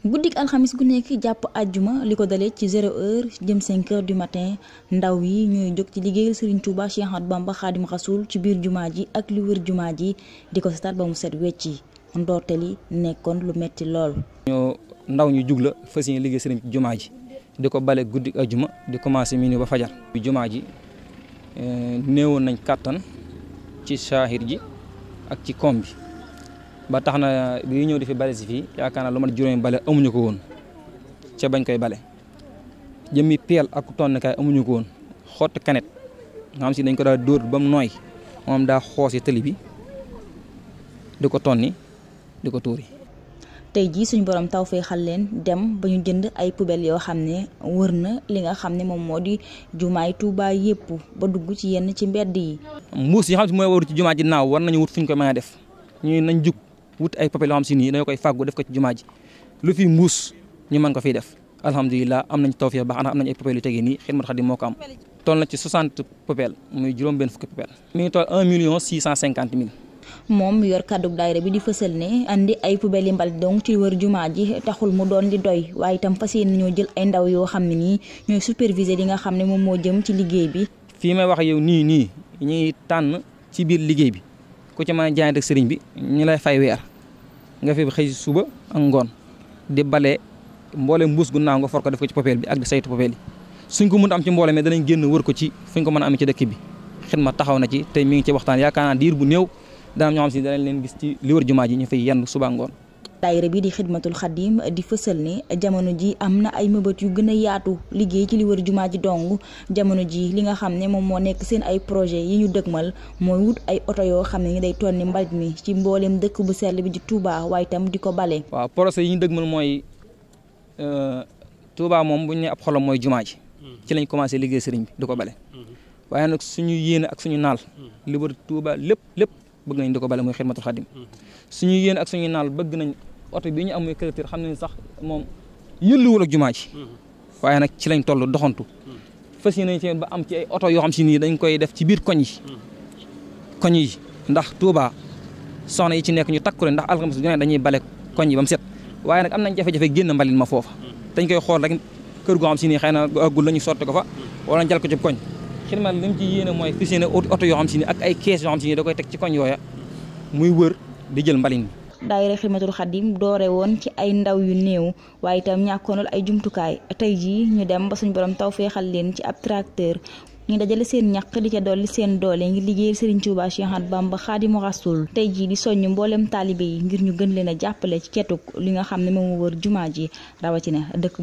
guddik alxamis gu nekk jàpp àjjuma li ko dalee ci 0 heure jëm 5 heures du matin ndaw yi ñooy jóg ci liggéeyal Serigne Touba Cheikh Ahmadou Bamba Xaadim Rasul ci biir jumaa ji ak li wër jumaa ji di ko seetaat ba mu set wecc yi nekkoon lu metti lool. ndaw ñu jug la fas yéene jumaa ji di ko bale guddik àjjuma di commencé minuit ba fajar. jumaa ji eh, néewoon nañ kàttan ci saahir ji ak ci koom bi. ba tax na bi ñëw di fi bale si fii yaakaar naa lu mat juróomi bale amuñu ko woon ca bañ koy bale jëmmi peel ak tonnkaay amuñu ko woon xott kanet nga xam si dañ ko daa dóor ba mu nooy moom daa xoosi tëli bi di ko tonni di ko tuuri tey jii suñu borom taw fee xal leen dem ba ñu jënd ay poubelles yoo xam ne wër na li nga xam ne moom moo di jumaay Tuubaa yëpp ba dugg ci yenn ci mbedd yi. mbuus yi xam si mooy waru ci jumaa ji naaw war nañu wut fuñ ko mën a def nañ wut ay papier loo xam si nii dañoo koy fàggu def ko ci jumaa ji lu fi mbuus ñu mën ko fiy def alhamdulilah am nañ tawfiq baax na am nañ ay papel yu tegee nii Xidmatul ko am toll na ci 60 papel muy juróom benn fukki papel mi ngi toll moom yor kàddu daayira bi di fësal ne andi ay poubelle yi mbal dong ci wër ji taxul mu doon li doy waaye tam fas yéene ñoo jël ay ndaw yoo xam ne nii ñooy superviser li nga xam ne moom moo jëm ci liggéey bi. fii may wax yow nii nii ñuy tànn ci biir liggéey bi ku ci mën a jaayante sëriñ bi ñu lay fay weer. nga fi xëy suba ak ngoon di bale mboole mbuus gu naaw nga for ko def ko ci popeel bi ak di saytu popeel yi suñ ko mën am ci mboole mais danañ génn wër ko ci fuñ ko mën a amee ci dëkk bi xidma taxaw na ci te mi ngi ci waxtaan yaakaar naa diir bu néew dana ñoo xam si danañ leen gis ci li wër jumaa ji ñu fay yendu suba ngoon daayira bi di xidmatul xadim di fësal ne jamono ji am na ay mëbët yu gën a yaatu liggéey ci li wër jumaa ji dong jamono ji li nga xam ne moom moo nekk seen ay projet yi ñu dëgmal mooy wut ay oto yoo xam ne day tonni mbalit mi ci mbooleem dëkk bu sell bi di Touba waaye itam di ko bale. waaw projet yi ñu dëgmal mooy euh, Touba moom bu ñu ne ab xolam mooy jumaa ji. Mm-hmm. ci lañ commencé liggéey sëriñ bi di ko bale. Mm-hmm. waaye nag suñu yéene ak suñu naal. Mm-hmm. li wër Touba lépp lépp bëgg nañ di ko bale muy xidmatul xadim suñu yéene ak suñu naal bëgg nañ oto bi ñu am muy créature xam nañ sax moom yëlluwul ak jumaa ji mm-hmm. waaye nag ci lañ toll doxantu mm-hmm. fas yéene nañ ci ba am ci oto yoo xam si nii dañ koy def ci biir koñ yi mm-hmm. koñ yi ndax Touba soxna yi ci nekk ñu takku leen ndax alxames ñu ne dañuy bale koñ yi ba mu set waaye am nañ jafe génn mbalit ma foofa dañ koy xool rek kër goo xam si nii xëy na agul la ñu ko fa wala jal ko ci koñ xirmal li mu ci mooy fas yéene oto yoo xam si nii ak ay kees yoo si da koy teg ci koñ yooya muy wër di jël mbalin bi daayira Xidmatul Xadim doore woon ci ay ndaw yu néew waaye itam ñàkkoonul ay jumtukaay tey jii ñu dem ba suñ borom taw feexal leen ci ab tracteur ñu dajale seen ñaq di ca dolli seen doole ngir liggéeyal Serigne Touba Cheikh Ahmadou Bamba Xaadimu Rasuul tey jii di soññ mboolem taalibe yi ngir ñu gën leen a jàppale ci ketug li nga xam ne moom wër jumaa ji rawatina dëkk